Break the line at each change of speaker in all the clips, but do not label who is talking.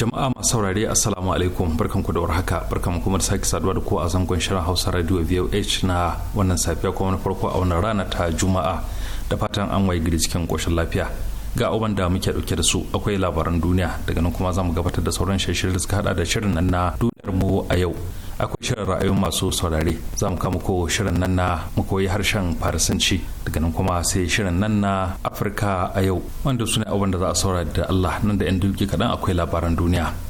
jama'a masu saurare assalamu alaikum barkan ku da warhaka barkan kuma da sake saduwa da ku a zangon shirin hausa radio voh na wannan safiya kuma na farko a wannan rana ta juma'a da fatan an waye gidi cikin koshin lafiya ga uban da muke dauke da su akwai labaran duniya daga nan kuma za mu gabatar da sauran shirye da suka hada da shirin nan na duniyar mu a yau akwai shirin ra'ayoyin masu saurare za mu kama ko shirin nan na mu koyi harshen farisanci daga nan kuma sai shirin nan na afirka a yau wanda su ne abin da za a saurari da allah nan da yan duki kaɗan akwai labaran duniya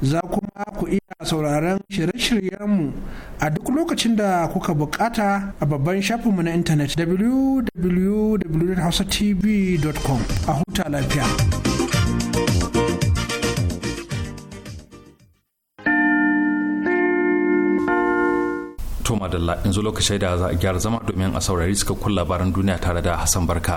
za kuma ku iya sauraron shirye-shiryenmu a duk lokacin da kuka bukata a babban shafinmu na intanet www.hausatv.com a huta lafiya.
Toma Dalla, yanzu lokacin da za a gyara zama domin a saurari suka kun labaran duniya tare da Hassan Barka.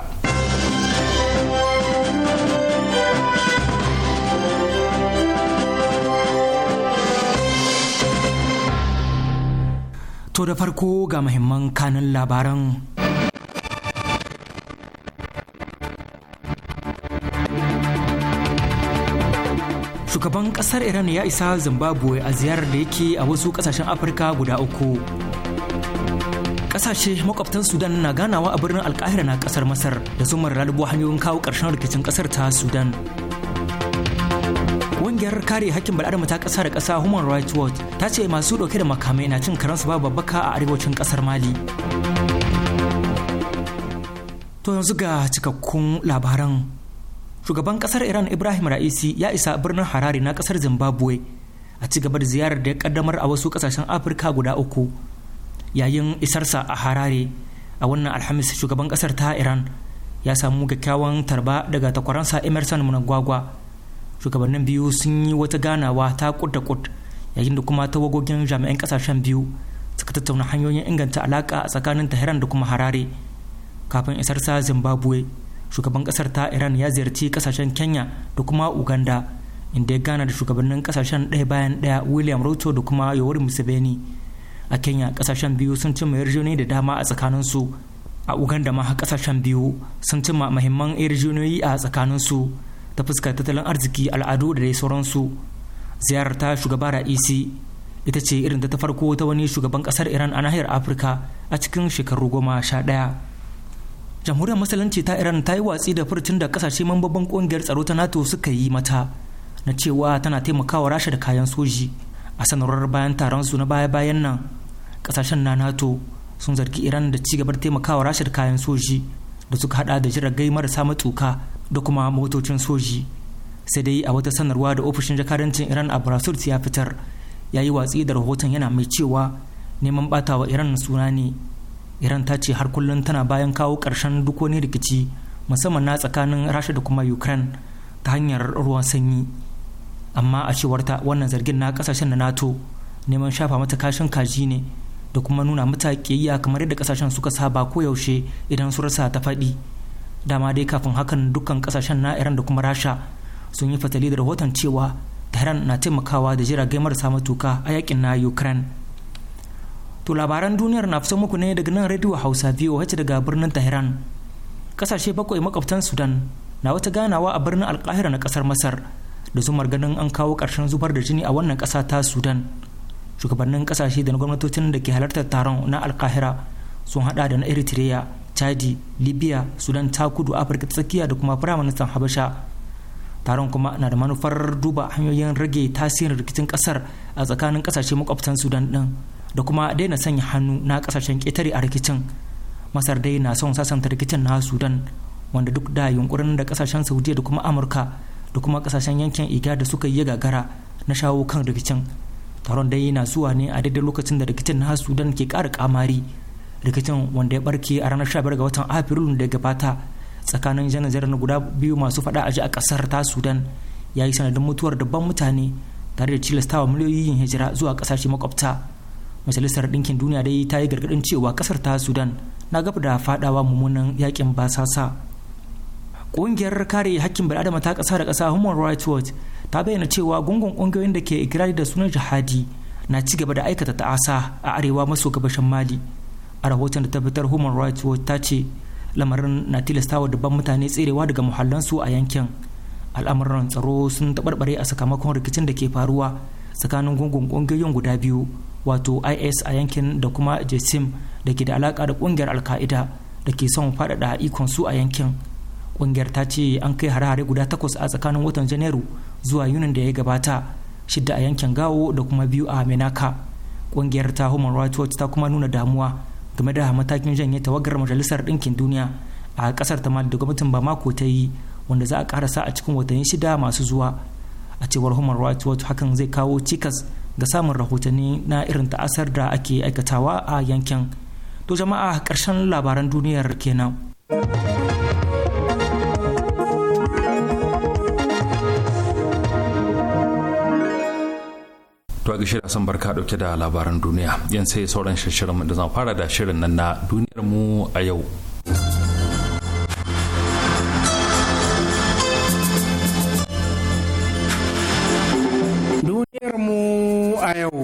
To da farko ga muhimman kanin labaran. Shugaban kasar Iran ya isa Zimbabwe a ziyarar da yake a wasu kasashen Afirka guda uku. Kasashe makwabtan Sudan na ganawa a birnin Alkahira na kasar Masar da sun lalubo hanyoyin kawo ƙarshen rikicin kasar ta Sudan. Ƙungiyar kare hakkin bal'adama ta ƙasa da ƙasa Human Rights Watch ta ce masu dauke da makamai na cin karansu babu babbaka a arewacin ƙasar Mali. To yanzu ga cikakkun labaran. Shugaban ƙasar Iran Ibrahim Ra'isi ya isa birnin Harare na kasar Zimbabwe a ci gaba da ziyarar da ya kaddamar a wasu ƙasashen Afirka guda uku. Yayin isarsa a Harare a wannan Alhamis shugaban ƙasar ta Iran ya samu kyakkyawan tarba daga takwaransa Emerson munagwagwa shugabannin biyu sun yi wata ganawa ta kut da kut yayin da kuma tawagogin jami'an kasashen biyu suka tattauna hanyoyin inganta alaka a tsakanin tehran da kuma harare kafin isar sa zimbabwe shugaban kasar ta iran ya ziyarci kasashen kenya da kuma uganda inda ya gana da shugabannin kasashen ɗaya bayan ɗaya william ruto da kuma yoweri museveni a kenya kasashen biyu sun cimma yarjejeniyoyi da dama a tsakanin su a uganda ma kasashen biyu sun cimma mahimman yarjejeniyoyi a tsakanin su ta fuska tattalin arziki al'adu da dai sauransu ziyarar ta shugaba ra'isi ita ce irin ta farko ta wani shugaban kasar iran a nahiyar afirka a cikin shekaru goma sha ɗaya jamhuriyar musulunci ta iran ta yi watsi da furtun da kasashe mambobin kungiyar tsaro ta nato suka yi mata na cewa tana taimakawa rasha da kayan soji a sanarwar bayan taron su na baya-bayan nan kasashen na nato sun zargi iran da ci gabar taimakawa rasha da kayan soji da suka hada da jiragai marasa matuka da kuma motocin soji sai dai a wata sanarwa da ofishin jakadancin iran a brazil ya fitar ya yi watsi da rahoton yana mai cewa neman batawa iran suna ne iran ta ce har kullum tana bayan kawo ƙarshen duk wani rikici musamman na tsakanin rasha da kuma ukraine ta hanyar ruwan sanyi amma a cewar ta wannan zargin na kasashen na nato neman shafa mata kashin kaji ne da kuma nuna mata kiyayya kamar yadda kasashen suka saba koyaushe idan su rasa ta faɗi dama dai kafin hakan dukkan kasashen na iran da kuma rasha sun yi fatali da rahoton cewa tehran na taimakawa da jirage marasa matuka a yakin na ukraine to labaran duniyar na fito muku ne daga nan radio hausa voh daga birnin tehran kasashe bakwai makwabtan sudan na wata ganawa a birnin alkahira na kasar masar da zumar ganin an kawo ƙarshen zubar da jini a wannan kasa ta sudan shugabannin kasashe da na gwamnatocin da ke halartar taron na alkahira sun hada da na eritrea chadi libya sudan ta kudu afirka tsakiya da kuma firaministan habasha taron kuma na da manufar duba hanyoyin rage tasirin rikicin kasar a tsakanin kasashe makwabtan sudan din da kuma daina sanya hannu na kasashen ƙetare a rikicin masar dai na son sasanta rikicin na sudan wanda duk da yunkurin da kasashen saudiya da kuma amurka da kuma kasashen yankin iga da suka yi gagara na shawo kan rikicin taron dai na zuwa ne a daidai lokacin da rikicin na sudan ke kara kamari rikicin wanda ya barke a ranar 15 ga watan afirilu da gabata tsakanin janar na guda biyu masu fada aji a kasar ta sudan ya yi sanadin mutuwar dabban mutane tare da cilastawa miliyoyin hijira zuwa kasashe makwabta majalisar ɗinkin duniya dai ta yi gargadin cewa kasar ta sudan na gaba da fadawa mummunan yakin basasa ƙungiyar kare hakkin bil'adama ta ƙasa da ƙasa human rights watch ta bayyana cewa gungun ƙungiyoyin da ke ikirari da sunan jihadi na ci gaba da aikata ta'asa a arewa maso gabashin mali a rahoton da ta fitar human rights watch ta ce lamarin na tilastawa dubban mutane tserewa daga muhallansu a yankin al'amuran tsaro sun taɓarɓare a sakamakon rikicin da ke faruwa tsakanin gungun kungiyoyin guda biyu wato is a yankin da kuma jesim da ke da alaka da kungiyar alka'ida da ke son faɗaɗa ikon su a yankin kungiyar ta ce an kai hare-hare guda takwas a tsakanin watan janairu zuwa yunin da ya gabata shidda a yankin gawo da kuma biyu a menaka kungiyar ta human rights watch ta kuma nuna damuwa game da matakin janye tawagar majalisar ɗinkin duniya a ƙasar ta mali da gwamnatin bamako ta yi wanda za a karasa a cikin watanni shida masu zuwa a cewar human rights watch hakan zai kawo cikas ga samun rahotanni na irin ta'asar da ake aikatawa a yankin to jama'a karshen labaran duniyar kenan
to ga shirya san barka dauke da labaran duniya yan sai sauran shirin da zan fara da shirin nan na duniyar mu a yau
duniyar mu a yau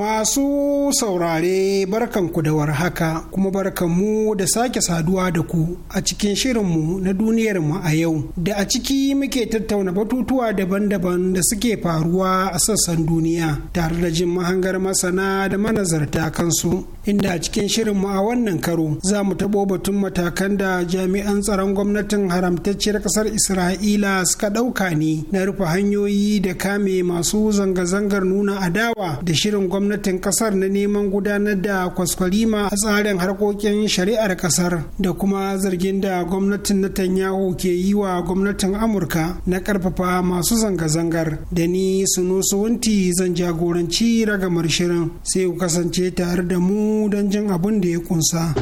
masu masu saurare barkanku da warhaka kuma barkanmu da sake saduwa da ku a cikin shirinmu na duniyarmu a yau da a ciki muke tattauna batutuwa daban-daban da suke faruwa a sassan duniya tare da jin mahangar masana da manazarta kansu inda a cikin shirinmu a wannan karo za mu taɓo batun matakan da jami'an tsaron gwamnatin haramtacciyar ƙasar isra'ila suka ɗauka ne na rufe hanyoyi da kame masu zanga-zangar nuna adawa da shirin gwamnatin kasar na neman gudanar da kwaskwalima a tsarin harkokin shari'ar kasar da kuma zargin da gwamnatin Netanyahu ke yi wa gwamnatin Amurka na karfafa masu zanga-zangar da ni sunusu wunti zan jagoranci ragamar shirin sai ku kasance tare da mu don jin abin da ya kunsa.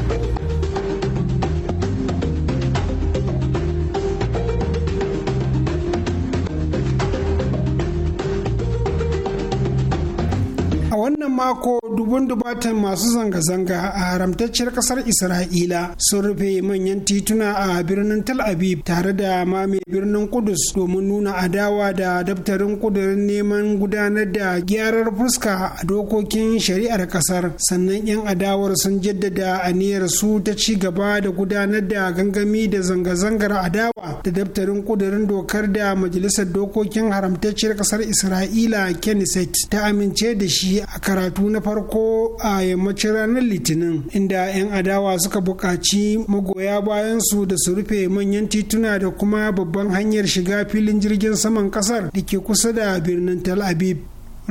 mako dubun dubatan masu zanga-zanga a haramtacciyar kasar isra'ila sun rufe manyan tituna a birnin tel aviv tare da mame birnin kudus domin nuna adawa da daftarin kudurin neman gudanar da gyarar fuska a dokokin shari'ar kasar sannan 'yan adawar sun jaddada aniyar su ta ci gaba da gudanar da gangami da zanga-zangar adawa da daftarin kudurin dokar da majalisar dokokin haramtacciyar kasar isra'ila kenneth ta amince da shi a karatu na farko farko a yammacin ranar litinin inda 'yan adawa suka buƙaci magoya bayan su da su rufe manyan tituna da kuma babban hanyar shiga filin jirgin saman ƙasar da ke kusa da birnin tel aviv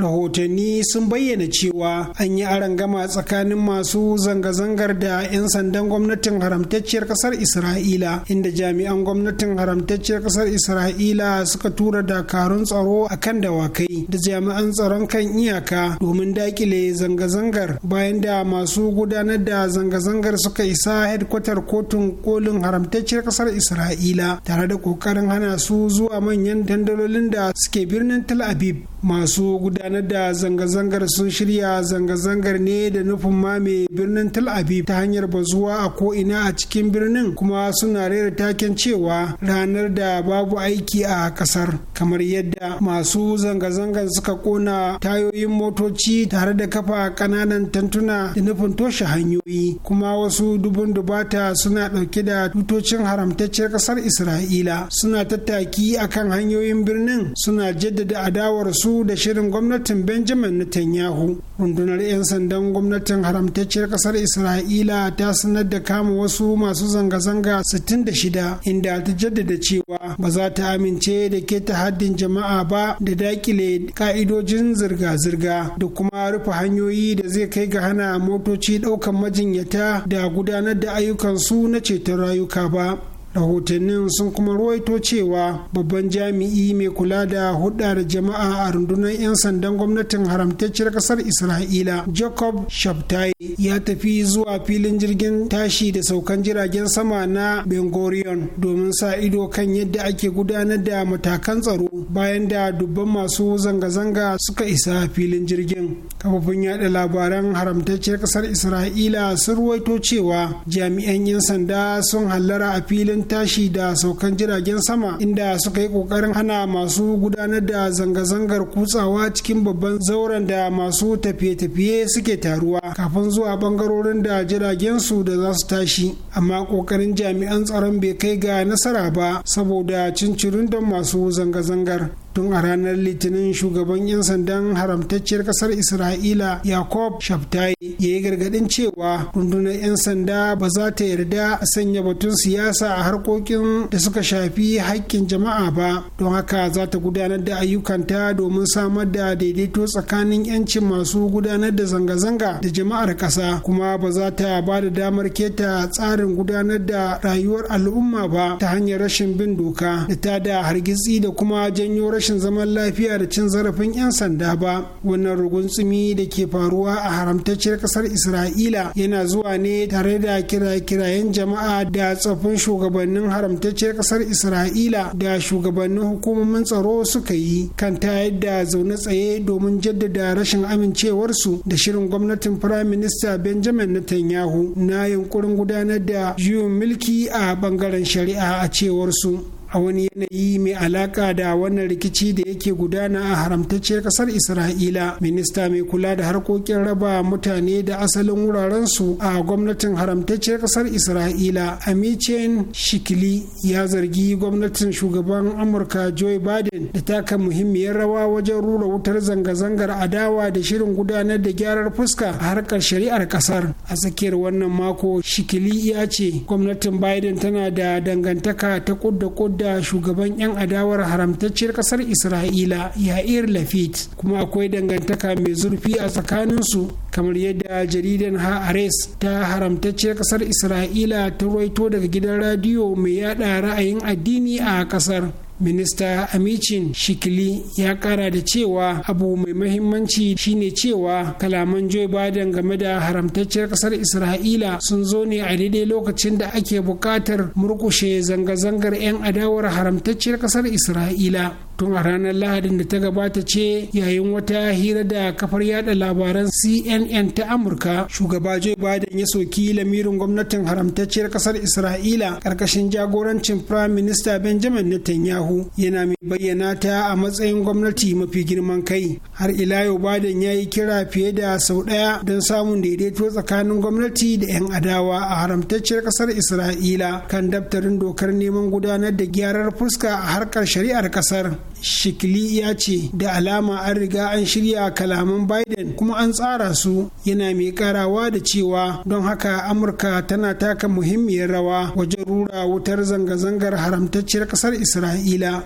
rahotanni sun bayyana cewa an yi arangama tsakanin masu zanga-zangar da 'yan sandan gwamnatin haramtacciyar kasar isra'ila inda jami'an gwamnatin haramtacciyar kasar isra'ila suka tura dakarun tsaro a kan dawakai da jami'an tsaron kan iyaka domin dakile zanga-zangar bayan da masu gudanar da zanga-zangar suka isa hedkwatar kotun kolin haramtacciyar kasar isra'ila tare da kokarin hana su zuwa manyan dandalolin da suke birnin tel aviv masu gudanar da zanga-zangar sun shirya zanga-zangar ne da nufin mame birnin tel aviv ta hanyar bazuwa a ko'ina a cikin birnin kuma suna rera taken cewa ranar da babu aiki a kasar kamar yadda masu zanga-zangar suka kona tayoyin motoci tare da kafa kananan tantuna da nufin toshe hanyoyi kuma wasu dubun dubata suna ɗauke da tutocin haramtaccen kasar isra'ila suna tattaki akan hanyoyin birnin suna jaddada adawar su da shirin gwamnatin benjamin netanyahu rundunar 'yan sandan gwamnatin haramtacciyar kasar isra'ila ta sanar da kama wasu masu zanga-zanga 66 inda ta jaddada cewa ba za ta amince da keta haddin jama'a ba da dakile ka'idojin zirga-zirga da kuma rufe hanyoyi da zai kai ga hana motoci ɗaukan majinyata da gudanar da ayyukansu na ceton rayuka ba rahotannin sun kuma ruwaito cewa babban jami'i mai kula da hudda da jama'a a rundunar 'yan sandan gwamnatin haramtacciyar kasar isra'ila jacob shabtai ya tafi zuwa filin jirgin tashi da saukan jiragen sama na bengorion domin sa ido kan yadda ake gudanar da matakan tsaro bayan da dubban masu zanga-zanga suka isa filin jirgin kafafun yada labaran haramtacciyar kasar isra'ila sun ruwaito cewa jami'an 'yan sanda sun hallara a filin tashi da saukan jiragen sama inda suka yi kokarin hana masu gudanar da zanga-zangar kutsawa cikin babban zauren da masu tafiye-tafiye suke taruwa kafin zuwa bangarorin da jiragen su da za su tashi amma kokarin jami'an tsaron bai kai ga nasara ba saboda cincirindon masu zanga-zangar tun a ranar litinin shugaban 'yan sandan haramtacciyar kasar isra'ila yakob shabtai ya yi gargadin cewa rundunar 'yan sanda ba za ta yarda a sanya batun siyasa a harkokin da suka shafi haƙƙin jama'a ba don haka za ta gudanar da ayyukanta domin samar da daidaito tsakanin 'yancin masu gudanar da zanga-zanga da jama'ar ƙasa kuma ba za ta ba da damar keta tsarin gudanar da rayuwar al'umma ba ta hanyar rashin bin doka da ta da hargitsi da kuma janyo rashin rashin zaman lafiya da cin zarafin 'yan sanda ba wannan tsimi da ke faruwa a haramtacciyar kasar isra'ila yana zuwa ne tare da kira kirayen jama'a da tsoffin shugabannin haramtacciyar kasar isra'ila da shugabannin hukumomin tsaro suka yi kan ta yadda zaune tsaye domin jaddada rashin amincewarsu da shirin gwamnatin firayim minista benjamin netanyahu na yunkurin gudanar da juyin mulki a bangaren shari'a a cewarsu a wani yanayi mai alaka da wannan rikici da yake gudana a haramtacciyar kasar isra'ila minista mai kula da harkokin raba mutane da asalin wurarensu a gwamnatin haramtacciyar kasar isra'ila amichen shikili ya zargi gwamnatin shugaban amurka joe biden da taka muhimmiyar rawa wajen rura wutar zanga-zangar adawa da shirin gudanar da gyarar fuska a harkar shari'ar kasar a tsakiyar wannan mako shikili ya ce gwamnatin biden tana da dangantaka ta kud da kud da shugaban 'yan adawar haramtacciyar kasar isra'ila ya yair lafit kuma akwai dangantaka mai zurfi a tsakaninsu kamar yadda jaridan haares ta haramtacciyar kasar isra'ila ta ruwaito daga gidan radiyo mai yada ra'ayin addini a kasar minista amicin shikili ya kara da cewa abu mai mahimmanci shine cewa kalaman joe biden game da haramtacciyar kasar isra'ila sun zo ne a daidai lokacin da ake buƙatar murkushe zanga-zangar 'yan adawar haramtacciyar kasar isra'ila tun a ranar lahadin da ta gabata ce yayin wata hira da kafar yada labaran cnn ta amurka shugaba joe biden ya soki lamirin gwamnatin haramtacciyar kasar isra'ila karkashin jagorancin prime minister benjamin netanyahu yana mai bayyana ta a matsayin gwamnati mafi girman kai har ila yau biden ya yi kira fiye da sau ɗaya don samun daidaito tsakanin gwamnati da 'yan adawa a haramtacciyar kasar isra'ila kan daftarin dokar neman gudanar da gyarar fuska a harkar shari'ar kasar shikili ya ce da alama an riga an shirya kalaman biden kuma an tsara su yana mai karawa da cewa don haka amurka tana taka muhimmiyar rawa wajen rura wutar zanga-zangar haramtacciyar kasar isra'ila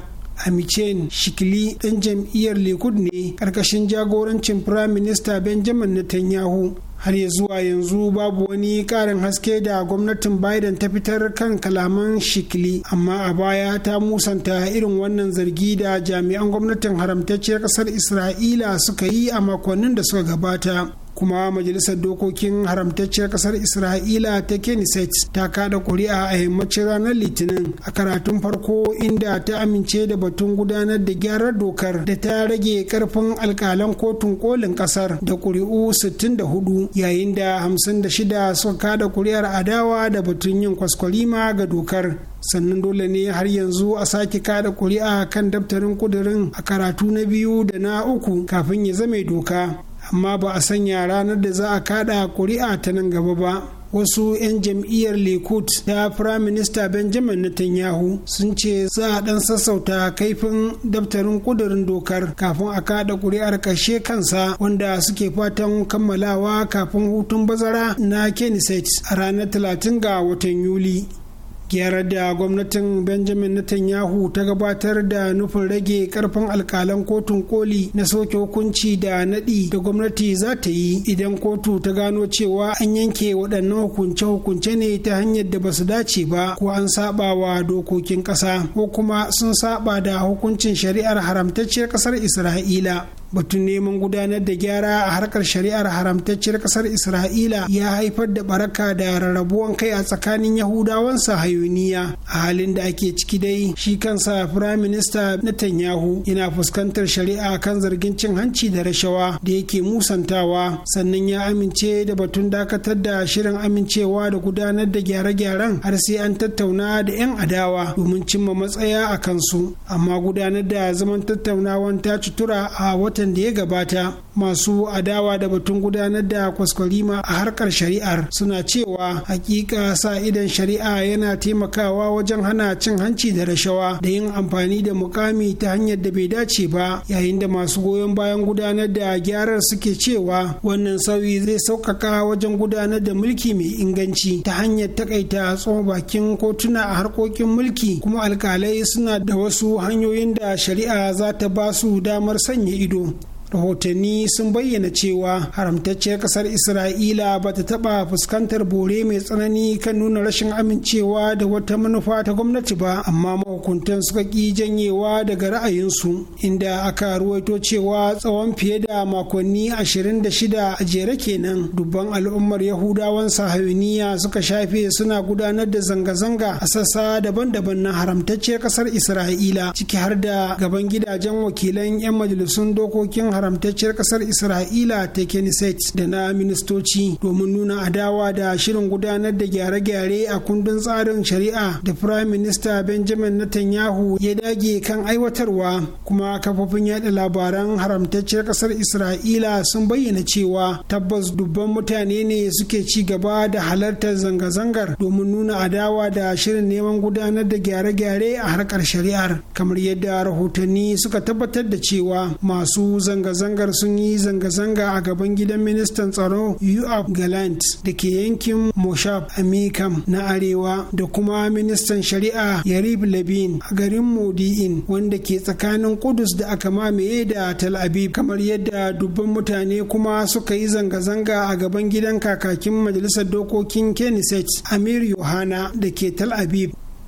amichen Shikili ɗan jam'iyyar Likud ne ƙarƙashin jagorancin Firaminista Benjamin Netanyahu har ya zuwa yanzu babu wani karin haske da gwamnatin biden ta fitar kan kalaman shikili amma a baya ta musanta irin wannan zargi da jami'an gwamnatin haramtacciyar kasar isra'ila suka yi a makonnin da suka gabata kuma majalisar dokokin haramtacciyar kasar isra'ila ta kenneth ta kada kuri'a a yammacin ranar litinin a karatun farko inda ta amince da batun gudanar da gyarar dokar da ta rage karfin alkalan kotun kolin kasar da kuri'u 64 yayin da hamsin da shida suka kada kuri'ar adawa da batun yin kwaskwalima ga dokar sannan dole ne har yanzu a sake kada kuri'a kan daftarin kudirin a karatu na biyu da na uku kafin ya zame doka amma ba a sanya ranar da za a kada kuri'a ta nan gaba ba wasu 'yan jam'iyyar likud da firaminista benjamin netanyahu sun ce za a dan sassauta kaifin daftarin kudurin dokar kafin a kada kuri'ar karshe kansa wanda suke fatan kammalawa kafin hutun bazara na kenneth a ranar 30 ga watan yuli gyarar da gwamnatin benjamin netanyahu ta gabatar da nufin rage karfin alkalan kotun koli na soke hukunci da naɗi da gwamnati za ta yi idan kotu ta gano cewa an yanke waɗannan hukunce-hukunce ne ta hanyar da ba su dace ba ko an saba wa dokokin ƙasa ko kuma sun saba da hukuncin shari'ar haramtacciyar ƙasar isra'ila batun neman gudanar da gyara a harkar shari'ar haramtacciyar kasar isra'ila ya haifar da baraka da rarrabuwan kai a tsakanin yahudawan sahayuniya a halin da ake ciki dai shi kansa firayim minista tanyahu yana fuskantar shari'a kan zargin cin hanci da rashawa da yake musantawa sannan ya amince da batun dakatar da shirin amincewa da gudanar da gyare-gyaren har sai an tattauna da 'yan adawa domin cimma matsaya a kansu amma gudanar da zaman tattaunawan ta cutura a wata watan da ya gabata masu adawa da batun gudanar da kwaskwalima a harkar shari'ar suna cewa hakika sa idan shari'a yana taimakawa wajen hana cin hanci da rashawa da yin amfani da mukami ta hanyar da bai dace ba yayin da masu goyon bayan gudanar da gyarar suke cewa wannan sauyi zai sauƙaƙa wajen gudanar da mulki mai inganci ta hanyar takaita tsohon bakin kotuna a harkokin mulki kuma alkalai suna da wasu hanyoyin da shari'a za ta ba su damar sanya ido rahotanni sun bayyana cewa haramtacciyar kasar isra'ila ba ta taɓa fuskantar bore mai tsanani kan nuna rashin amincewa da wata manufa ta gwamnati ba amma mahukuntan suka ƙi janyewa daga ra'ayinsu inda aka ruwaito cewa tsawon fiye da makonni 26 a jere kenan dubban al'ummar yahudawan sahayuniya suka shafe suna gudanar da zanga-zanga a sassa daban-daban na haramtacciyar kasar isra'ila ciki har da gaban gidajen wakilan 'yan majalisun dokokin haramtacciyar kasar isra'ila ta kenneth da na ministoci domin nuna adawa da shirin gudanar da gyare-gyare a kundin tsarin shari'a da prime minister benjamin netanyahu ya dage kan aiwatarwa kuma kafofin yada labaran haramtacciyar kasar isra'ila sun bayyana cewa tabbas dubban mutane ne suke ci gaba da halartar zanga-zangar domin nuna adawa da shirin neman gudanar da gyare-gyare a harkar shari'ar kamar yadda rahotanni suka tabbatar da cewa masu zanga zanga-zangar sun yi zanga-zanga a gaban gidan ministan tsaro uap galant da ke yankin moshab amikam na arewa da kuma ministan shari'a yarib labin a garin modi'in wanda ke tsakanin kudus da aka mamaye da tel aviv kamar yadda dubban mutane kuma suka yi zanga-zanga a gaban gidan kakakin majalisar dokokin kenneth amir yohana da ke tel aviv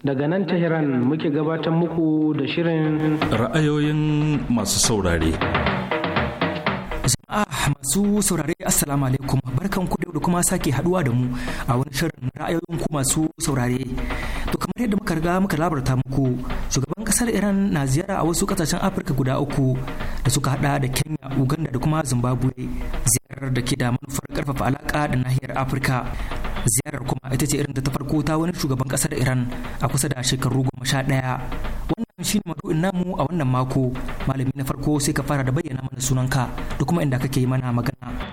Daga
nan Tehran muke gabatar muku da shirin
ra'ayoyin masu saurare.
Jama'a masu saurare Assalamu alaikum barkan ku da kuma sake haduwa da mu a wani shirin ra'ayoyin ku masu saurare. To kamar yadda muka riga muka labarta muku shugaban kasar Iran na ziyara a wasu kasashen Afirka guda uku da suka hada da Kenya, Uganda da kuma Zimbabwe ziyarar da ke da manufar karfafa alaka da nahiyar Afirka. Ziyarar kuma ita ce irin da ta farko ta wani shugaban kasar Iran a kusa da shekaru goma sha ɗaya. Wannan shi ne maudu'in namu a wannan mako. Malami na farko sai ka fara da bayyana mana sunanka da kuma inda kake yi mana magana.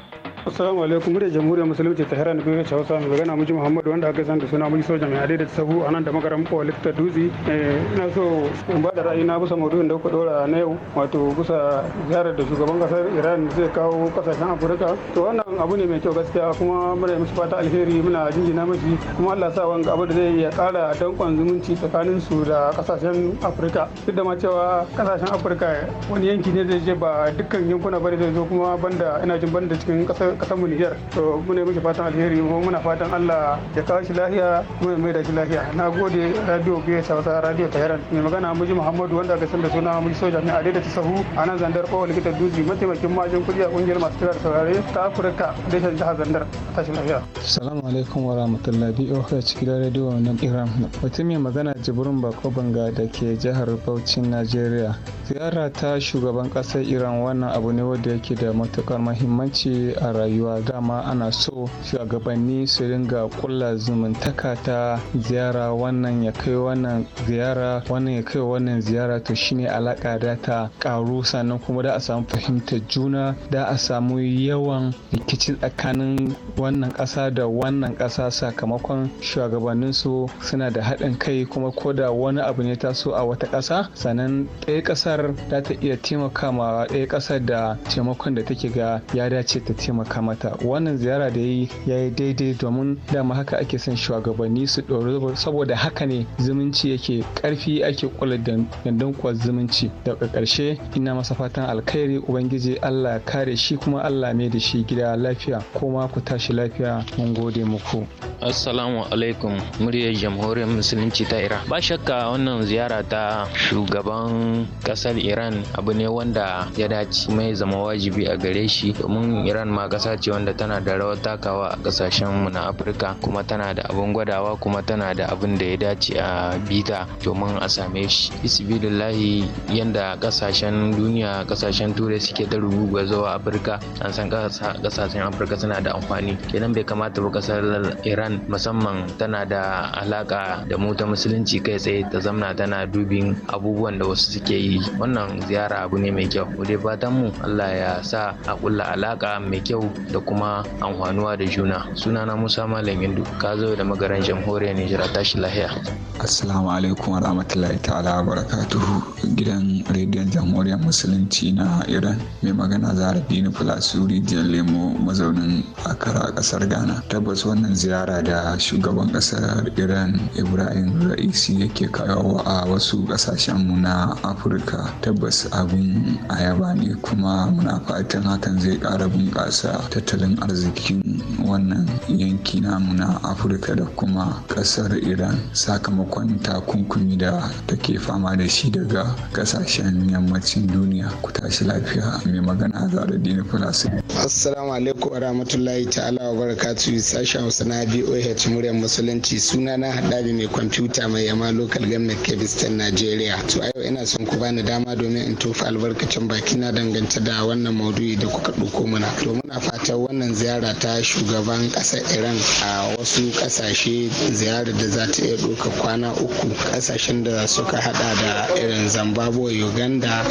Assalamu alaikum muryar jamhuriyar musulunci ta hera nufin wacce hausa mai magana miji Muhammadu wanda aka san da suna miji sojan mai adai da sabu a nan da magaran kowa likita dutse. Eh, ina so in ba da ra'ayi na bisa maudu'in da kuka dora na yau wato bisa ziyarar da shugaban kasar Iran zai kawo kasashen Afirka. To wannan abu ne mai kyau gaskiya kuma muna mishi fata alheri muna jinjina mashi kuma Allah sa wanga abu da zai ya kara dankon zumunci tsakanin su da kasashen Afirka. Duk da ma cewa kasashen Afirka wani yanki ne da ba dukkan yankuna bane zai zo kuma banda ina jin banda cikin kasar nan mu Niger to muna muke fatan alheri kuma muna fatan Allah ya kawo shi lafiya kuma ya maida shi lafiya na gode radio biyu sauta radio tayaran mai magana muji Muhammadu wanda aka san da suna muji soja ne a da ta sahu a nan zandar kowa likitan duzi mataimakin majin kudi a kungiyar masu kira da saurare ta Afirka da ta jihar zandar tashi lafiya.
Assalamu alaikum wa rahmatullahi BOH cikin radio na Iran. Mutum mai magana Jibrin Bako Banga da ke jihar Bauchi Najeriya. Ziyara ta shugaban kasar Iran wannan abu ne wanda yake da matukar muhimmanci a rayuwa rayuwa dama ana so shugabanni su ringa kulla zumuntaka ta ziyara wannan ya kai wannan ziyara wannan ya kai wannan ziyara to shine alaka da ta karu sannan kuma da a samu fahimtar juna da a samu yawan rikici tsakanin wannan ƙasa da wannan ƙasa sakamakon shugabannin su suna da haɗin kai kuma ko da wani abu ne ta so a wata ƙasa sannan ɗaya ƙasar za ta iya taimaka ma ɗaya ƙasar da taimakon da take ga ya dace ta taimaka taimaka mata wannan ziyara da yi ya yi daidai domin dama haka ake son shugabanni su ɗori saboda haka ne zumunci yake ƙarfi ake kula dandan kuwa zumunci daga ƙarshe ina masa fatan alkhairi ubangiji allah kare shi kuma allah mai da shi gida lafiya ma ku tashi lafiya mun gode muku
assalamu alaikum muryar jamhuriyar musulunci ta iran ba shakka wannan ziyara ta shugaban kasar iran abu ne wanda ya dace mai zama wajibi a gare shi domin iran ma ƙasa ce wanda tana da rawar takawa a ƙasashen mu na afirka kuma tana da abun gwadawa kuma tana da abun da ya dace a bita domin a same shi isbilillahi yadda ƙasashen duniya ƙasashen turai suke ta rubuga zuwa afirka an san ƙasashen afirka suna da amfani kenan bai kamata ba ƙasar iran musamman tana da alaƙa da mu ta musulunci kai tsaye ta zamna tana dubin abubuwan da wasu suke yi wannan ziyara abu ne mai kyau dai fatan mu allah ya sa a kulla alaka mai kyau da kuma amfanuwa da juna sunana musa malam indu ka zo da magaran jamhuriyar nijar tashi lahiya
assalamu alaikum wa rahmatullahi ta'ala wa barakatuhu gidan rediyon jamhuriyar musulunci na iran mai magana zara dini fulasuri jiyan lemo mazaunin akara a kasar ghana tabbas wannan ziyara da shugaban kasar iran ibrahim ra'isi yake kawo a wasu mu na afirka tabbas abin ayaba ne kuma muna fatan hakan zai kara bunƙasa tattalin arzikin wannan yanki namu na afirka da kuma kasar iran sakamakon takunkumi da take fama da shi daga kasashen yammacin duniya ku tashi lafiya mai magana zaradini falasir assalamu alaikum wa rahmatullahi ta'ala wa barakatu sashen hausa na boh muryar musulunci suna na hadari mai kwamfuta mai yama lokal government kebistan nigeria to a yau ina son ku bani dama domin in tofa albarkacin bakina dangance da wannan maudu'i da kuka ɗauko mana to muna fatar wannan ziyara ta shugaban ƙasar iran a wasu kasashe ziyara da za ta iya ɗauka kwana uku kasashen da suka hada da irin zimbabwe uganda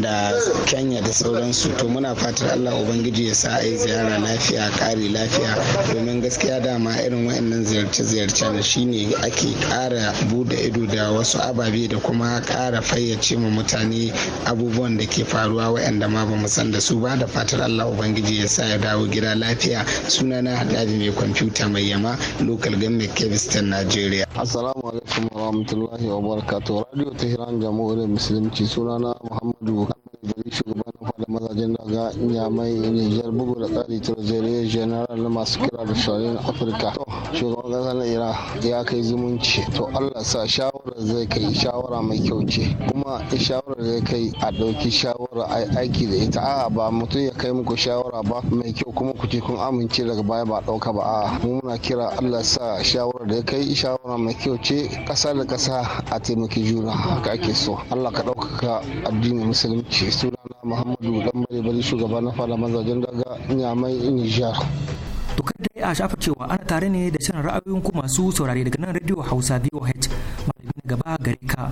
da kenya da sauransu to muna fatar allah ubangiji ya sa a ziyara lafiya ƙari lafiya domin gaskiya dama irin wa'annan ziyarce-ziyarce na shine ake ƙara bude ido da wasu ababe da kuma kara fayyace ma mutane abubuwan da ke faruwa wa'anda ma ba mu san da su ba da fatar allah ubangiji ya sa ya dawo gida lafiya sunana haɗari mai
kwamfuta mai yama local government kebistan nigeria assalamu alaikum wa rahmatullahi wa barakatuh radio tehran jamhuriyar musulunci sunana muhammadu gari shugaban fada mazajen daga nyamai nijar bugu da tsari turzere general masu kira da shawarar afirka shugaban kasa na ira ya kai zumunci to allah sa shawarar zai kai shawara mai kyau ce kuma shawarar zai kai a ɗauki shawara a aiki da ita a ba mutum ya kai muku shawara ba mai kyau kuma ku ce kun amince daga baya ba ɗauka ba a mu muna kira allah sa shawarar da ya kai shawara mai kyau ce ƙasa da kasa a taimaki juna haka ake so allah ka ɗaukaka addinin musulunci sunana muhammadu lambari bari shugaba na fada mazajen daga nyamai nijar
To dai a shafa cewa ana tare ne da shirin ra'ayoyin ku masu saurare daga nan Radio Hausa VOH malami na gaba gare ka.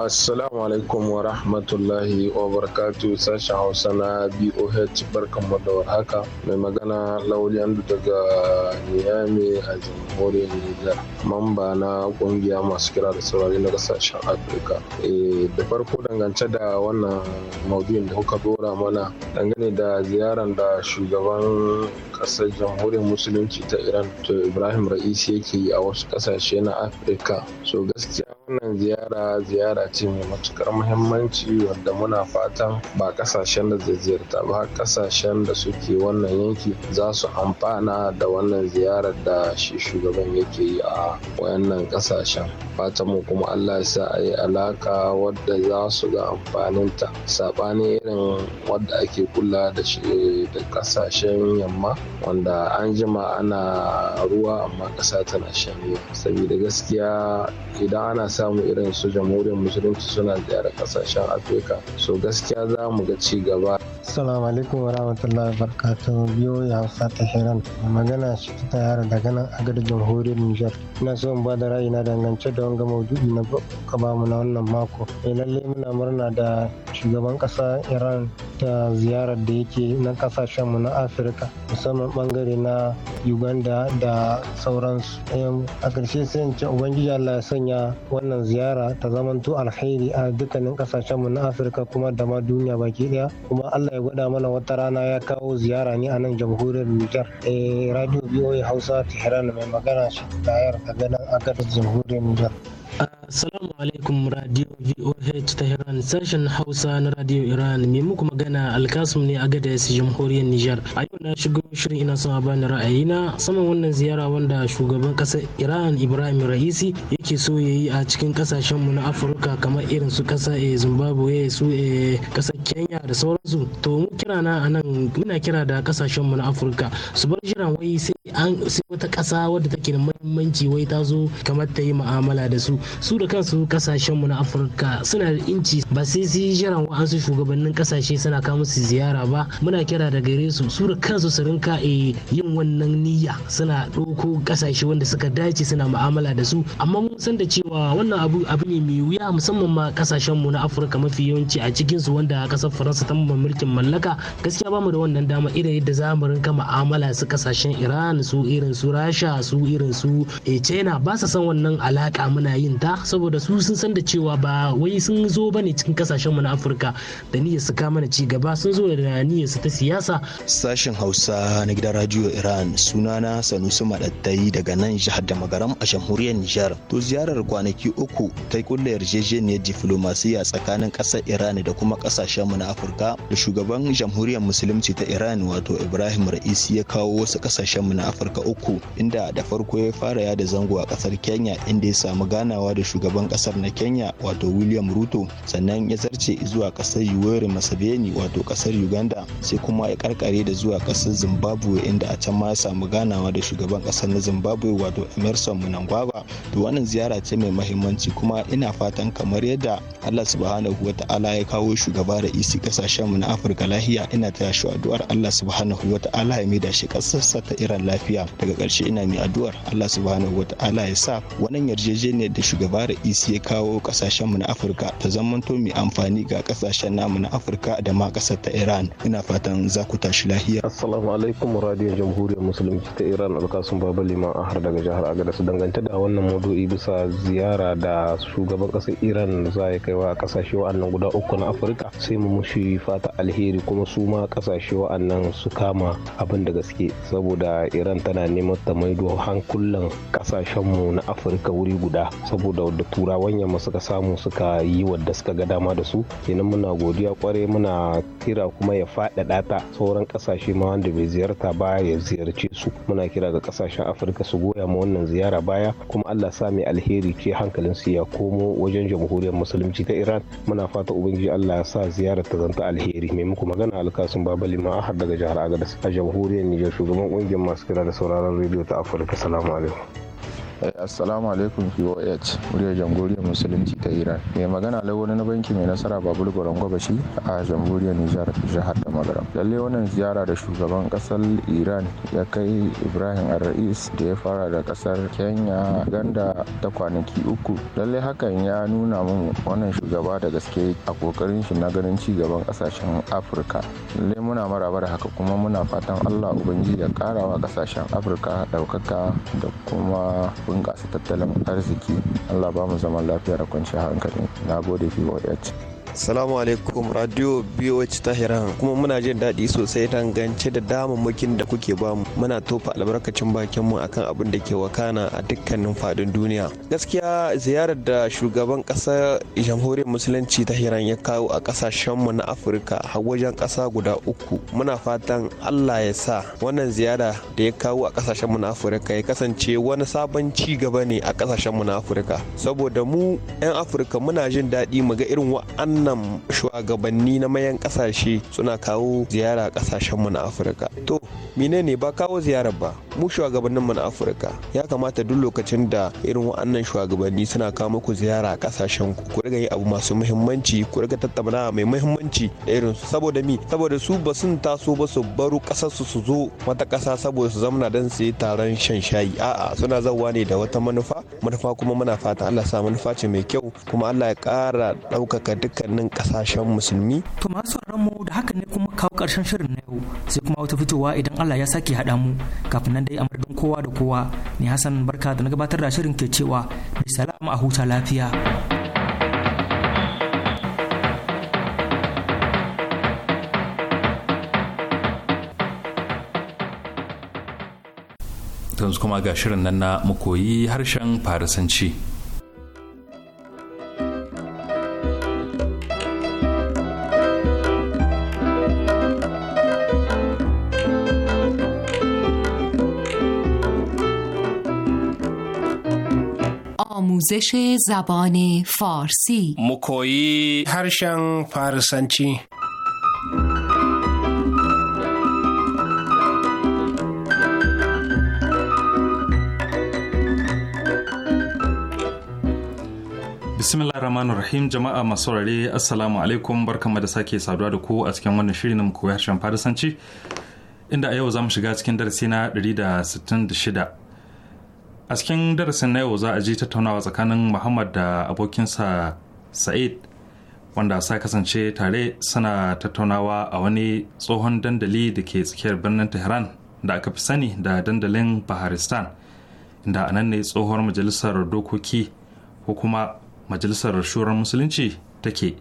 Assalamu alaikum wa rahmatullahi wa barakatu sashen Hausa na BOH mu da haka mai magana andu daga Niyame a jamhuriyar Nijar mamba na kungiya masu kira da saurari na kasashen Afirka. Eh, da farko dangance da wannan maudu'in da kuka dora mana dangane da ziyaran da shugaban kasar jamhuriyar jamhuriyar musulunci ta iran to ibrahim ra'isi yake yi a wasu kasashe na afirka so gaskiya wannan ziyara ziyara ce mai matukar muhimmanci wadda muna fatan ba kasashen da ziyarta ba har kasashen da suke wannan yanki za su amfana da wannan ziyarar da shi shugaban yake yi a wayannan kasashen fatan mu kuma allah ya sa a yi alaka wadda za su ga amfaninta saɓanin irin wadda ake kula da kasashen yamma wanda an jima ana ruwa amma ƙasa tana shanye sabida gaskiya idan ana samu irin su jamhuriyar musulunci suna ziyarar kasashen afirka so gaskiya za mu ga ci gaba
assalamu alaikum wa rahmatullahi biyo ya hausa ta shirin magana shi ta
yara daga nan agar jamhuriyar nijar
ina so in ba da na dangance da wanga maudu'i na ka ba na wannan mako eh lallai muna murna da shugaban ƙasa iran ta ziyarar da yake na mu na afirka musamman bangare na uganda da sauransu a ƙarshe sai in ce ubangiji allah ya sanya wannan ziyara ta zamanto alheri a dukkanin ƙasashenmu na afirka kuma da ma duniya baki ɗaya kuma allah ya gwada mana wata rana ya kawo ziyara ne a nan jamhuriyar nijar eh, radio voa
hausa tehran mai magana shi yar a ganin agadar jamhuriyar nijar
Assalamu alaikum Radio VOH Tehran sashen Hausa na Radio Iran mai muku magana Alkasum ne a gadayas jamhuriyar Nijar. A yau na shigo shirin ina son bani ra'ayina saman wannan ziyara wanda shugaban kasar Iran Ibrahim Ra'isi yake so ya yi a cikin kasashen mu na Afirka kamar irin su ƙasa eh, Zimbabwe su eh, ƙasar Kenya da sauransu. To mu kira na anan muna kira da kasashen mu na Afirka su bar jiran wai sai wata ƙasa wadda take da muhimmanci wai ta zo kamar ta yi mu'amala da su. su da kansu mu na afirka suna da inci ba sai su yi jiran wa'ansu shugabannin kasashe suna kawo musu ziyara ba muna kira da gare su su da kansu su rinka eh, yin wannan niyya suna ɗauko kasashe wanda suka dace suna mu'amala da su amma mun san da cewa wannan abu abu ne mai wuya musamman ma kasashen mu na afirka mafi yawanci a cikin su wanda kasar faransa ta mulkin mallaka gaskiya ba mu da wannan dama irin yadda za mu rinka mu'amala su kasashen iran su irin su rasha su irin su eh, china ba sa san wannan alaka muna yin makusanta saboda su sun san da cewa ba wai sun zo ba ne cikin kasashen mu na afirka da niyyar su kama ci gaba sun zo da niyyar su ta siyasa
sashen hausa na gidan radio iran sunana sanusi madattai daga nan jihar da magaram a jamhuriyar nijar to ziyarar kwanaki uku ta kullayar yarjejeniyar diflomasiya tsakanin ƙasar iran da kuma kasashen mu na afirka da shugaban jamhuriyar musulunci ta iran wato ibrahim ra'isi ya kawo wasu kasashen mu na afirka uku inda da farko ya fara da zango a ƙasar kenya inda ya samu gana ganawa da shugaban kasar na kenya wato william ruto sannan ya zarce zuwa kasar yoweri masabeni wato kasar uganda sai kuma ya karkare da zuwa kasar zimbabwe inda a can ma ya samu ganawa da shugaban kasar na zimbabwe wato emerson mnangagwa to wannan ziyara ce mai mahimmanci kuma ina fatan kamar yadda allah subhanahu wa ta'ala ya kawo shugaba da isi kasashen mu na afirka lahiya ina taya shi addu'ar allah subhanahu wa ta'ala ya maida shi kasarsa ta irin lafiya daga ƙarshe ina mai addu'ar allah subhanahu wa ta'ala ya sa wannan yarjejeniyar da shugaba da isi ya kawo mu na afirka ta zamanto mai amfani ga kasashen namu na afirka da ma kasar ta iran ina fatan za ku tashi
lahiya assalamu alaikum radiyon jamhuriyar musulunci ta iran alkasun baba liman ahar daga jihar agadas dangance da wannan maudu'i bisa ziyara da shugaban kasar iran za ya kai wa kasashe wa'annan guda uku na afirka sai mu mushi fata alheri kuma su ma kasashe wa'annan su kama abin da gaske saboda iran tana neman ta maido hankulan kasashen mu na afirka wuri guda saboda wadda turawan yamma suka samu suka yi wadda suka ga dama da su kenan muna godiya kwarai muna kira kuma ya faɗaɗa ta sauran ƙasashe ma wanda bai ziyarta ba ya ziyarce su muna kira ga ƙasashen afirka su goya ma wannan ziyara baya kuma allah sa mai alheri ce hankalin su ya komo wajen jamhuriyar musulunci ta iran muna fata ubangiji allah ya sa ziyarar ta zanta alheri mai muku magana alkasun baba liman har daga jihar agadas a jamhuriyar nijar shugaban kungiyar masu kira da sauraron rediyo ta
afirka salamu alaikum Eh, assalamu alaikum voh muryar jamhuriyar musulunci ta iran mai magana lawani na banki mai nasara babur goron gwabashi a jamhuriyar nijar jihar da magaram lalle wannan ziyara da shugaban kasar iran ya kai ibrahim arra'is da ya fara da kasar kenya ganda ta kwanaki uku lalle hakan ya nuna mun wannan shugaba da gaske a kokarin shi na ganin ci gaban kasashen afirka lalle muna maraba da haka kuma muna fatan allah ubangiji ya karawa kasashen afirka daukaka da kuma bunƙasa tattalin arziki allah ba mu zaman lafiya da kwanciyar hankali na gode voh
Salamu alaikum radio BOH Tahiran kuma muna jin daɗi sosai gance da damammakin da kuke bamu muna tofa albarkacin bakin mu akan abin da ke wakana a dukkanin fadin duniya. Gaskiya ziyarar da shugaban ƙasar jamhuriyar musulunci Tahiran ya kawo a ƙasashen mu na Afirka a wajen ƙasa guda uku muna fatan Allah ya sa wannan ziyara da ya kawo a ƙasashen mu na Afirka ya kasance wani sabon ci gaba ne a ƙasashen mu na Afirka saboda mu 'yan Afirka muna jin daɗi mu ga irin wa'an wannan shugabanni na mayan kasashe suna kawo ziyara kasashenmu na afirka to menene ba kawo ziyarar ba mu shugabanninmu na afirka ya kamata duk lokacin da irin wannan shugabanni suna kawo muku ziyara kasashen ku ku riga yi abu masu muhimmanci ku riga tattauna mai muhimmanci da irin su saboda mi saboda su ba sun taso ba su baro kasar su su zo wata kasa saboda su zamana dan su yi taron shan shayi a'a suna zawa ne da wata manufa manufa kuma muna fata Allah sa manufa ce mai kyau kuma Allah ya kara ɗaukaka dukkan waɗannan ƙasashen musulmi.
To masu mu da haka ne kuma kawo ƙarshen shirin na yau sai kuma wata fitowa idan Allah ya sake haɗa mu kafin nan dai a madadin kowa da kowa ne Hassan barka da na gabatar da shirin ke cewa salama a huta lafiya.
yanzu kuma ga shirin nan na mukoyi harshen farisanci.
آموزش زبان
فارسی مکویی هرشن فارسنچی
bismillah rahmanir rahim jama'a masu saurare assalamu alaikum barkanmu da sake saduwa da ku a cikin wannan shirin na koyi harshen farisanci inda a yau za mu shiga cikin darasi na 166 a cikin darasin na yau za a ji tattaunawa tsakanin muhammad da abokinsa sa'id wanda sa kasance tare suna tattaunawa a wani tsohon dandali da ke tsakiyar birnin tehran da aka fi sani da dandalin baharistan inda a nan ne tsohuwar majalisar dokoki ko kuma majalisar shuran musulunci take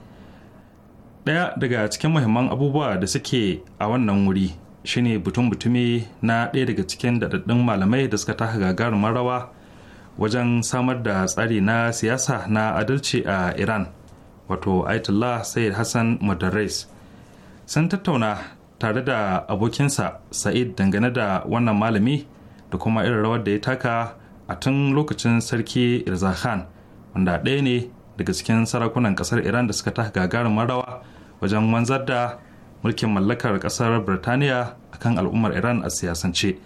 ɗaya daga cikin muhimman abubuwa da suke a wannan wuri shine butun butumi na ɗaya daga cikin daɗaɗɗun malamai da suka taka gagarumin rawa wajen samar da tsari na siyasa na adalci a iran wato ayatollah sayyid hassan madarais sun tattauna tare da abokinsa sa'id dangane da wannan malami da kuma irin rawar da ya taka a tun lokacin sarki irza khan wanda ɗaya ne daga cikin sarakunan ƙasar iran da suka taka gagarumin rawa wajen wanzar da mulkin mallakar ƙasar birtaniya akan al'ummar iran a siyasance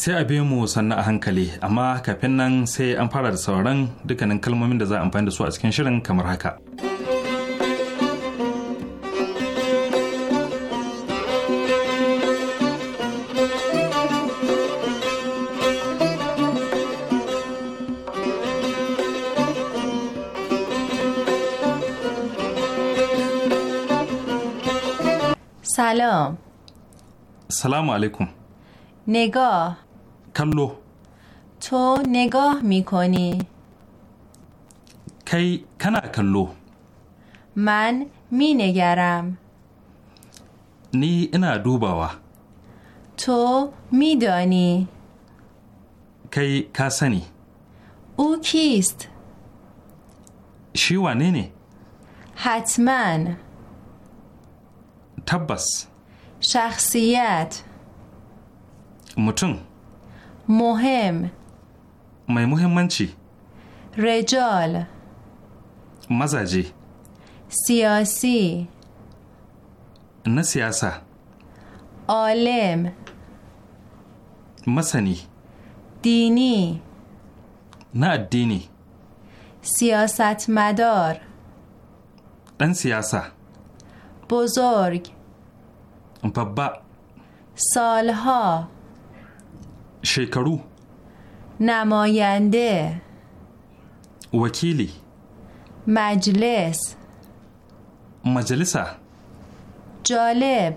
sai a bi mu sannan a hankali amma kafin nan sai an fara da sauran dukkanin kalmomin da za a amfani da su a cikin shirin kamar haka. سلام salamu alekum. ne kallo.
to ne mikoni.
kai kana kallo.
man mine yaram.
ni ina dubawa.
to mi doni.
kai ka sani.
ukiyist.
shi wanene?
hatiman.
tabbas.
شخصیت متون مهم
مهم من چی؟
رجال
مزاجی
سیاسی
نه سیاسا
عالم مسنی دینی
نه دینی
سیاست مدار
دن سیاسا
بزرگ ببا سالها شیکرو نماینده وکیلی مجلس
مجلسه
جالب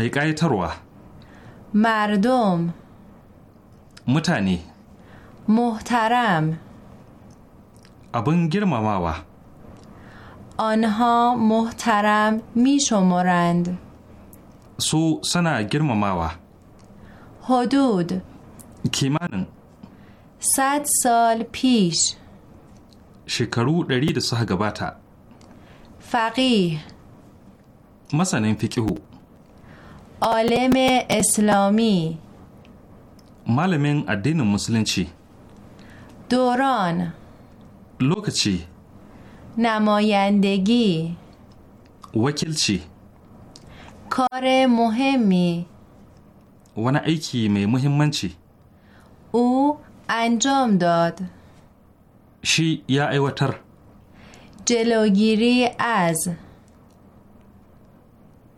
mai ƙayatarwa
mardom mutane muhtaram
abin girmamawa
آنها محترم می شمارند
سو سنا گرمماوا
حدود کیمان صد سال پیش
شکرو دری دا سه گباتا
فقیه
مثلا فقیهو
عالم اسلامی
معلمین addinin musulunci
دوران
lokaci
نمایندگی
Wakilci.
کار مهمی
wani aiki mai muhimmanci.
U انجام داد.
Shi ya aiwatar.
جلوگیری از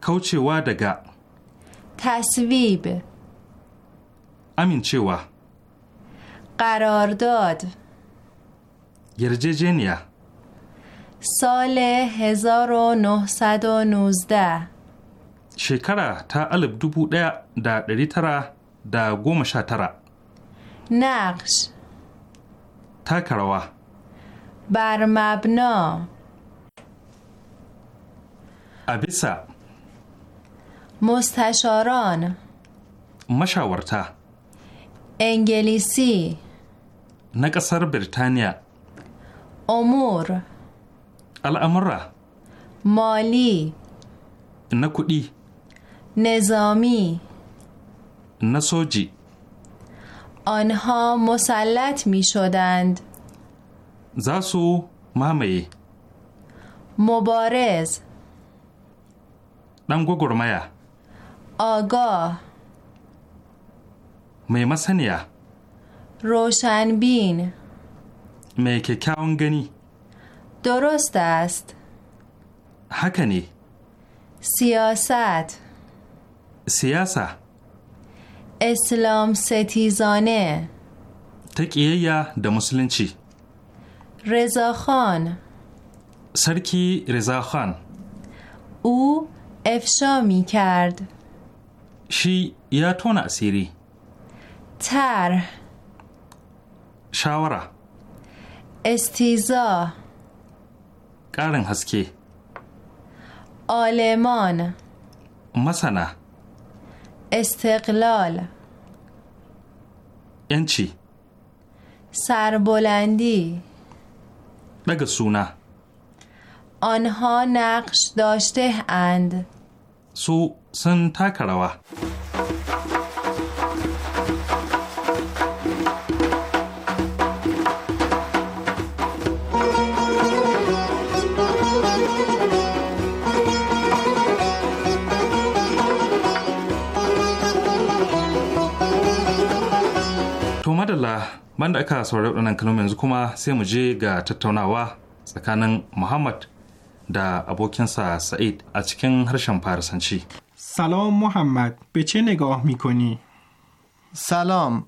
kaucewa daga
تصویب amincewa قرارداد
yarjejeniya
سال 1919
شکره تا الف دوبو ده دا دری تره دا گوم شاتره نقش تا کروا بر
مبنا ابیسا مستشاران
مشاورتا
انگلیسی
na ƙasar Birtaniya. Omur الامره
مالی نکودی نظامی
نسوجی
آنها مسلط می شدند
زاسو مامی
مبارز
دنگو گرمایا
آگاه
می مسنیا
روشنبین
می که گنی
درست است حکنی سیاست
سیاسه
اسلام ستیزانه
تکیه یا دمسلنچی
خان
سرکی خان
او افشا می کرد
شی یا تون اسیری
طرح شاوره استیزا
کارن haske
آلمان مسنا استقلال چی؟ سربلندی بگه سونه آنها نقش داشته اند
سو سن madalla man da aka saurari waɗannan kalmomi yanzu kuma sai mu je ga tattaunawa tsakanin muhammad da abokinsa sa'id a cikin harshen farisanci
Salam محمد be چه نگاه mikoni? Salam,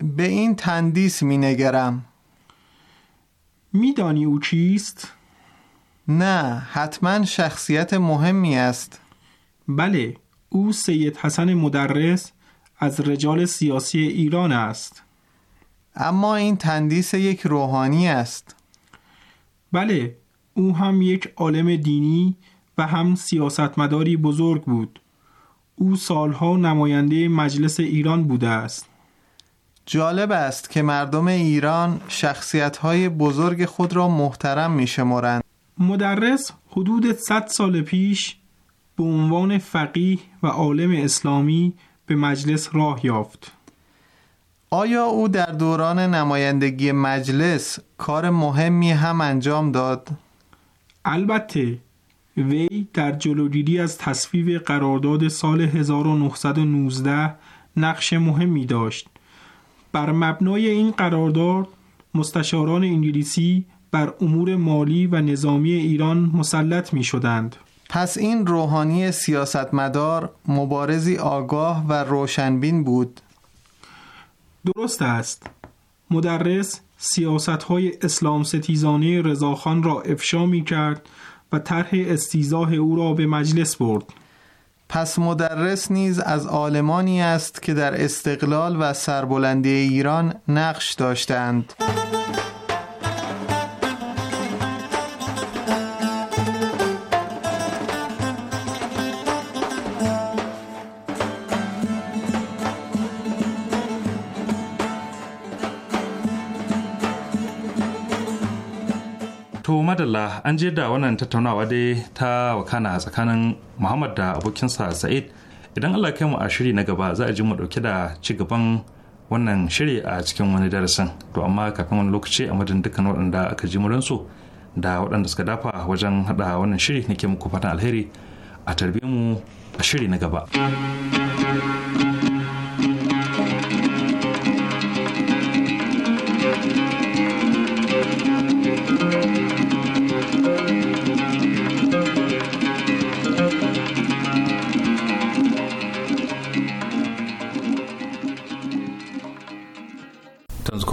be به این تندیس می نگرم میدانی او چیست؟ نه حتما شخصیت مهمی است بله او سید حسن مدرس از رجال سیاسی ایران است اما این تندیس یک روحانی است بله او هم یک عالم دینی و هم سیاستمداری بزرگ بود او سالها نماینده مجلس ایران بوده است جالب است که مردم ایران شخصیت‌های بزرگ خود را محترم می‌شمارند. مدرس حدود 100 سال پیش به عنوان فقیه و عالم اسلامی به مجلس راه یافت. آیا او در دوران نمایندگی مجلس کار مهمی هم انجام داد؟ البته وی در جلوگیری از تصویب قرارداد سال 1919 نقش مهمی داشت بر مبنای این قرارداد مستشاران انگلیسی بر امور مالی و نظامی ایران مسلط می شدند پس این روحانی سیاستمدار مبارزی آگاه و روشنبین بود درست است مدرس سیاست های اسلام ستیزانه رضاخان را افشا می کرد و طرح استیزاه او را به مجلس برد پس مدرس نیز از آلمانی است که در استقلال و سربلندی ایران نقش داشتند.
Allah an je da wannan tattaunawa dai ta wakana tsakanin muhammad da abokinsa sa'id idan allah kai mu a shiri na gaba za a ji mu dauke da ci gaban wannan shiri a cikin wani darasin to amma kafin wani lokaci a madadin dukkan waɗanda aka ji muransu da waɗanda suka dafa wajen haɗa wannan shiri nake muku fatan alheri a tarbe mu a shiri na gaba.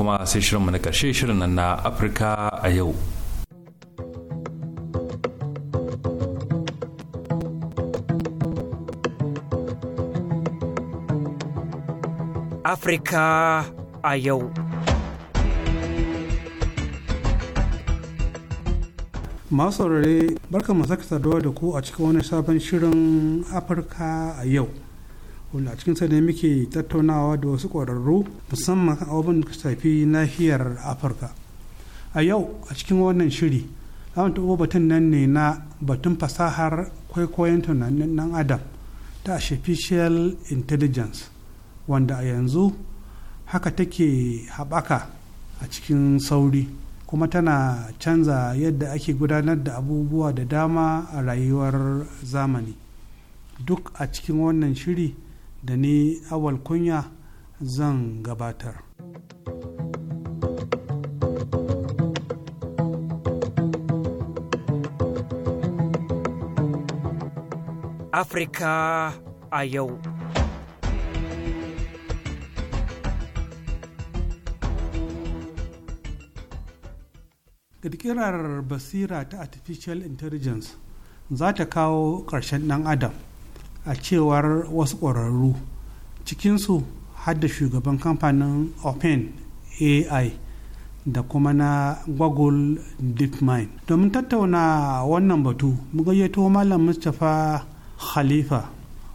kuma sai shirinmu na karshe shirin nan na afirka a yau
Afirka a yau.
Masu saurare barka mu saka da ku a cikin wani sabon shirin Afirka a yau. wanda a cikin sa ne muke tattaunawa da wasu ƙwararru musamman kan abubuwan da shafi nahiyar afirka a yau a cikin wannan shiri an taɓa batun nan ne na batun fasahar kwaikwayon tunanin ɗan adam ta artificial intelligence wanda a yanzu haka take haɓaka a cikin sauri kuma tana canza yadda ake gudanar da abubuwa da dama a rayuwar zamani duk a cikin wannan shiri da ni awal kunya zan gabatar
Afirka a yau. Ƙirƙirar
basira ta artificial intelligence za ta kawo ƙarshen ɗan adam. a cewar wasu ƙwararru cikinsu har da shugaban kamfanin open ai da kuma na google deepmind domin tattauna wannan batu mu gayyato malam mustapha khalifa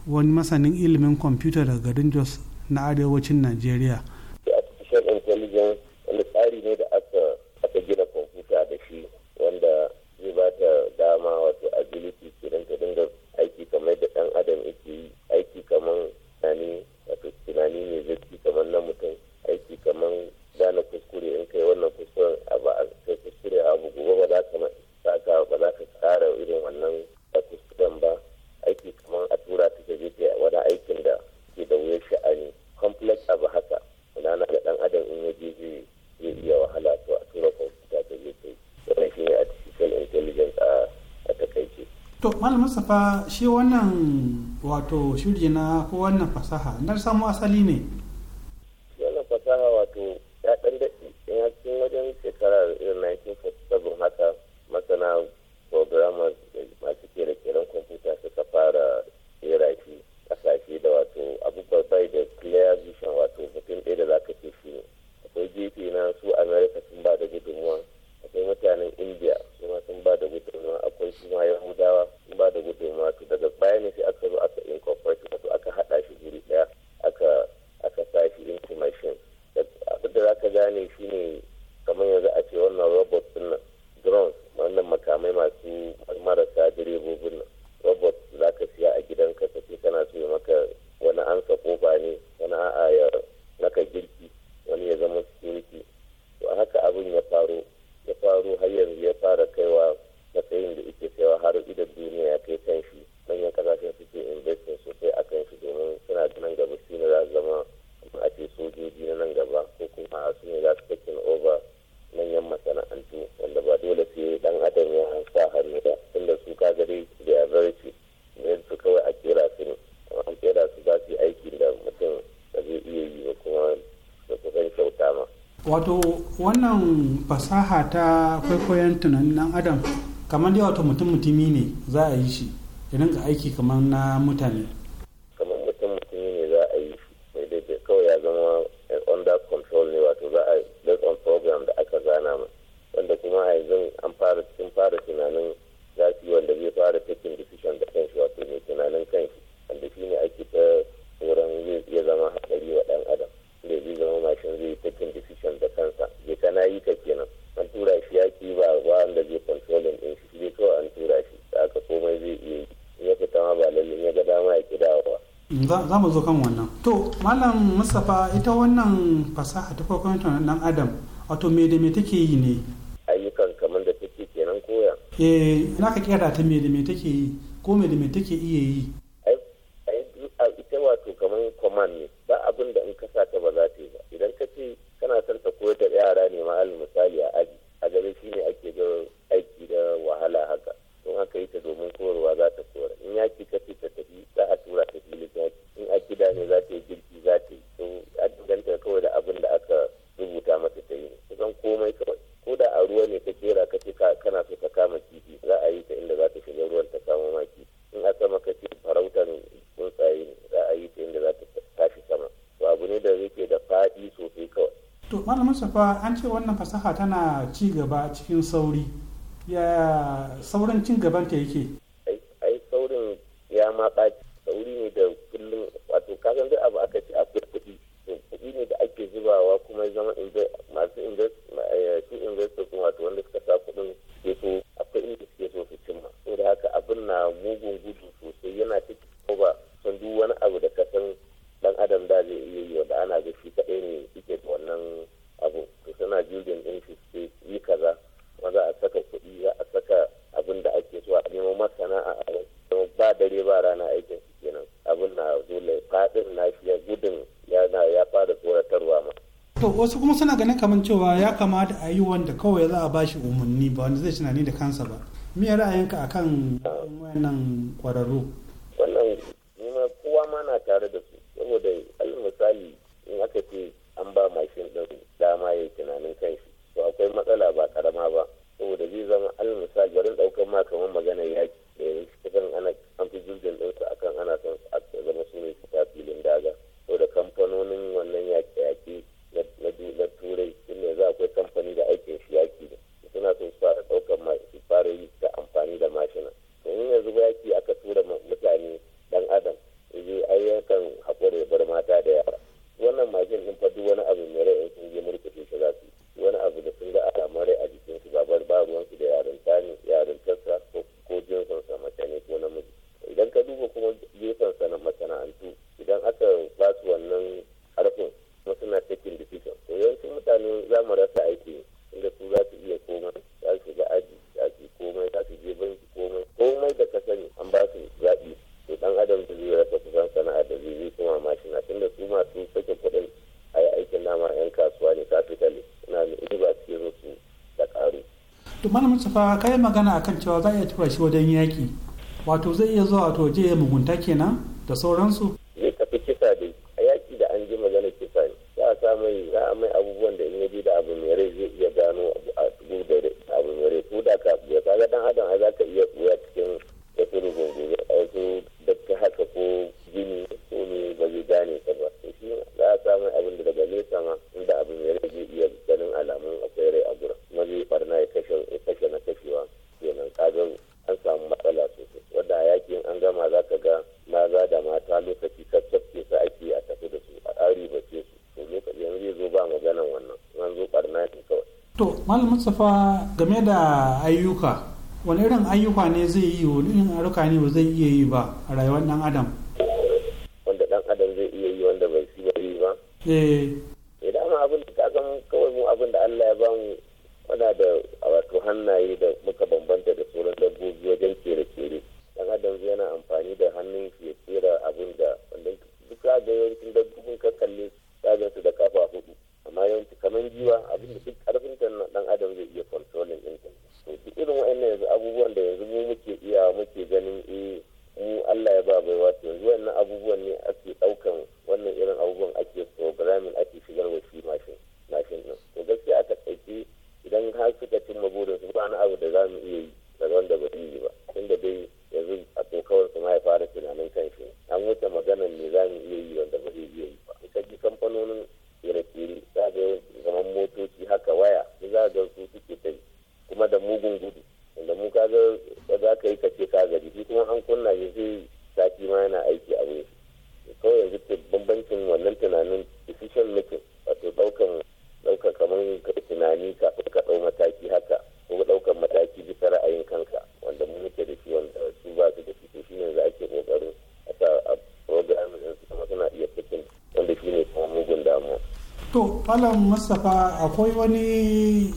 wani masanin ilimin kwamfuta daga garin jos na arewacin najeriya mustapha shi wannan wato shirji na ko wannan fasaha na samu asali ne wato wannan fasaha ta kwaikwayon tunanin dan adam kamar dai wato mutum mutumi ne za a yi shi ya dinga aiki kamar na mutane za mu zo kan wannan to malam mustapha ita wannan fasaha ta kwakwaton dan adam wato me da me take yi ne
ayyukan kamar da take kenan koya
eh na ka kira ta me da me take yi ko me da me take iya yi malamin safa an ce wannan fasaha tana ci gaba cikin sauri ya sauran cin gaban ta yake wasu kuma suna ganin kamar cewa ya kamata a yi wanda kawai za a bashi umarni ba wanda zai tunani da kansa ba me ra'ayinka akan eh, wannan kwararru
mu rasa aiki inda su za su iya komai za su ga aji za su komai za su je banki komai komai da ka sani an ba su zaɓi to dan adam da zai rasa kusan sana'a da zai zai kuma mashina tunda su masu sake kuɗin a yi aikin nama yan kasuwa ne kafitali suna da ido ba su zo su da ƙaru.
to malamin tsufa ka yi magana akan cewa za a iya tura shi wajen yaƙi wato zai iya zuwa to je mugunta kenan da sauransu. mustapha game da ayyuka wani irin ayyuka ne zai yi wani irin ayyuka ne ba zai iya yi ba a rayuwar dan adam
wanda dan adam zai iya yi wanda bai yi ba
eh malam mustapha akwai wani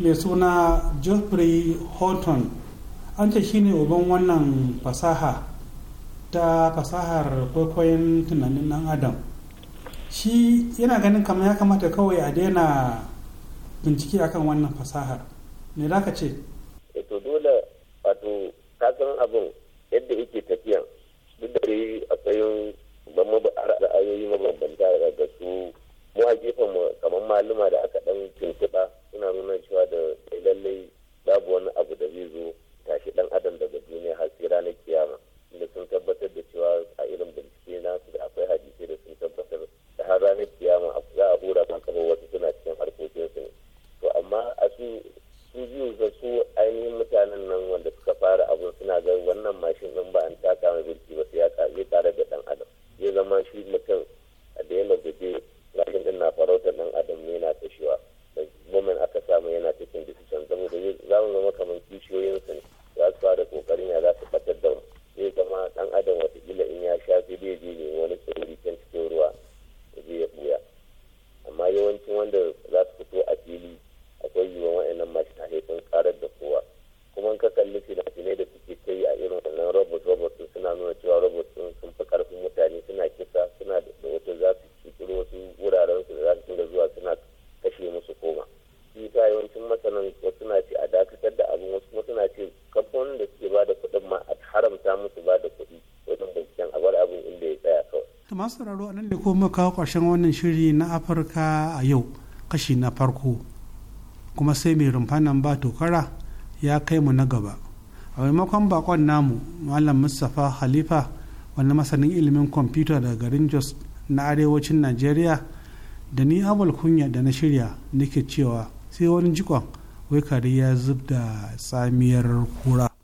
mai suna geoffrey horton an ce shine uban wannan fasaha ta fasahar kwaikwayon tunanin dan adam shi yana ganin kamar ya kamata kawai a daina bincike akan wannan fasahar me za ka ce kind of masu sauraro a nan da kuma kawo ƙarshen wannan shiri na afirka a yau kashi na farko kuma sai mai rumfanan ba tokara ya kai mu na gaba a maimakon bakon namu malam mustapha halifa wani masanin ilimin kwamfuta daga garin jos na arewacin nigeria da ni abul kunya da na shirya nake cewa sai wani jikon wai kare ya zub da tsamiyar kura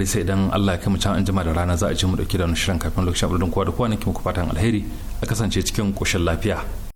dare sai idan Allah ya kai mu can an jima da rana za a ce mu dauki da wani shirin kafin lokacin abudin kowa da kowa ne ke muku fatan alheri a kasance cikin koshin lafiya